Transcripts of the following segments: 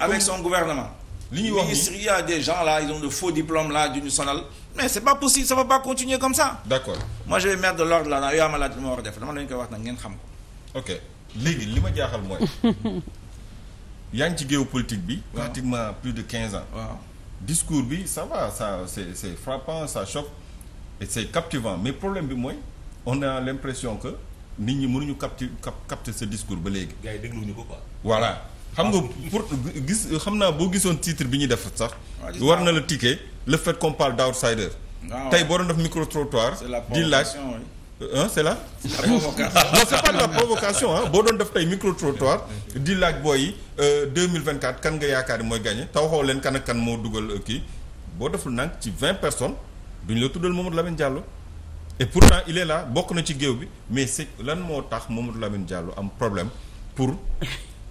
avec son gouvernement. li ñuy wax il y a des gens là ils ont de faux diplômes là du ñu sonal mais c'est pas possible ça va pas continuer comme ça. d'accord moi je vais de l'ordre là naa yoo xam ma war a def dama leen koy nag ngeen xam ko. ok léegi li ma jaaxal mooy. yaa ngi ci géopolitique bi. pratiquement plus de quinze ans. waaw discours bi ça va ça c'est c'est frappant ça choque et c'est captivant mais problème bi mooy on a l'impression que nit ñi mënuñu capter capter ce discours ba léegi. gars yi dégluwuñu ko quoi. voilà. xam nga pour gis xam naa boo gisoon titre bi ñu def sax. war na la ticket le fait qu'on parle d'outsider. tey boo doon def micro trottoir. di laaj ah c'est là. non c'est pas de la provocation ah boo doon def tey micro di laaj booy yi 2024 euh, kan nga yaakaar ni mooy gagné taw xaw leen kan ak kan moo dugal euh, kii boo deful nag ci 20 personnes duñ la tuddal Mamadou Lamine Diallo. et pourtant il est là bokk na ci géew bi mais c'est lan moo tax Mamadou Lamine Diallo am problème pour.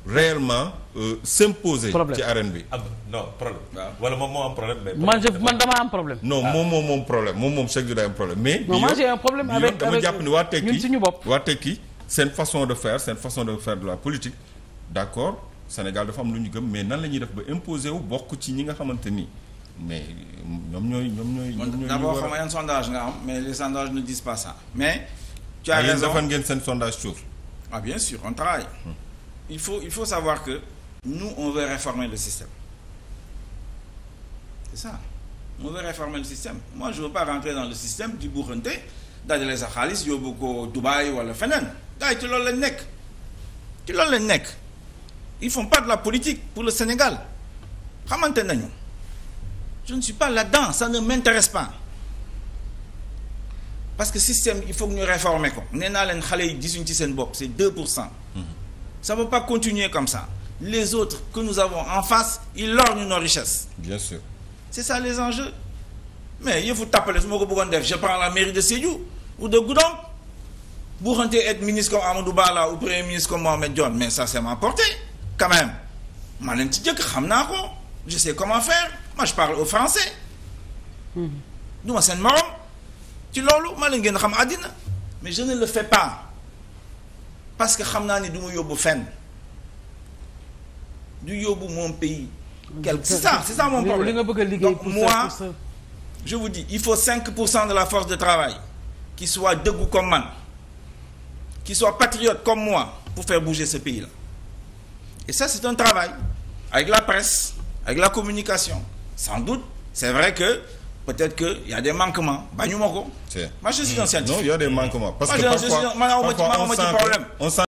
réellement euh, s'imposer. ci arène bi. am non problème. Ah, wala moom moo am problème mais. man je man dama am problème. non ah. moom moom moom problème moom moom chaque jour day am problème mais. non moi j'ai un problème avec dama jàpp ni waa tekki ñun suñu bopp. waa tekki seen façon de faire seen façon de faire de la politique d'accord Sénégal dafa am lu ñu gëm mais nan la ñuy def ba imposer wu bokk ci ñi nga xamante ni mais ñoom ñooy ñoom ñooy. ñoom ñooy d'abord xam nga yan sondage nga am mais les sondages ne disent pas ça. mais. tu as ah, raison mais yéen defal ngeen seen sondage suuf. ah bien sûr on travaille. il faut il faut savoir que nous on veut réformer le système c'est ça on veut réformer le système moi je veux pas rentrer dans le système di buuxante dajale sa xaalis yóbbu ko Dubaï wala feneen gars yi ci loolu lañ nekk ci loolu lañ nekk ils font part de la politique pour le Sénégal xamante nañu je ne suis pas là-dedans ça ne m'intéresse pas parce que système il faut que ñu réformer ko ne naa leen xale yi gisuñ ci seen bopp c'est deux pour cent mmh. ça peut pas continuer comme ça les autres que nous avons en face ils lorgnent nos richesses bien sûr c'est ça les enjeux mais yëfu tappale su ma ko bëggoon def je prends la mairie de Sédhiou ou de Goudomp bu xamante être ministre comme Amadou Ba là ou premier ministre comme Mohamed Dionne mais ça c'est ma portée quand même maa leen ci jëkk xam naa ko je sais comment faire moi je parle au français hmm. du ma seen morom ci loolu maa leen gën a xam àddina mais je le fais pas parce que xam naa ni du ma yóbbu fenn du yóbbu mon pays. quelque c'est ça c'est ça mon problème li nga bëgg a liggéey pour moi je vous dis il faut 5 pour cent de la force de travail qui soit dëggu comme man qui soit patriote comme moi pour faire bouger ce pays-là et ça c'est un travail avec la presse avec la communication sans doute c'est vrai que peut-être que y a des manquements bañu ma ko. c'est je suis un scientifique. non y a des manquements. parce que parfois parfois on sent que on sent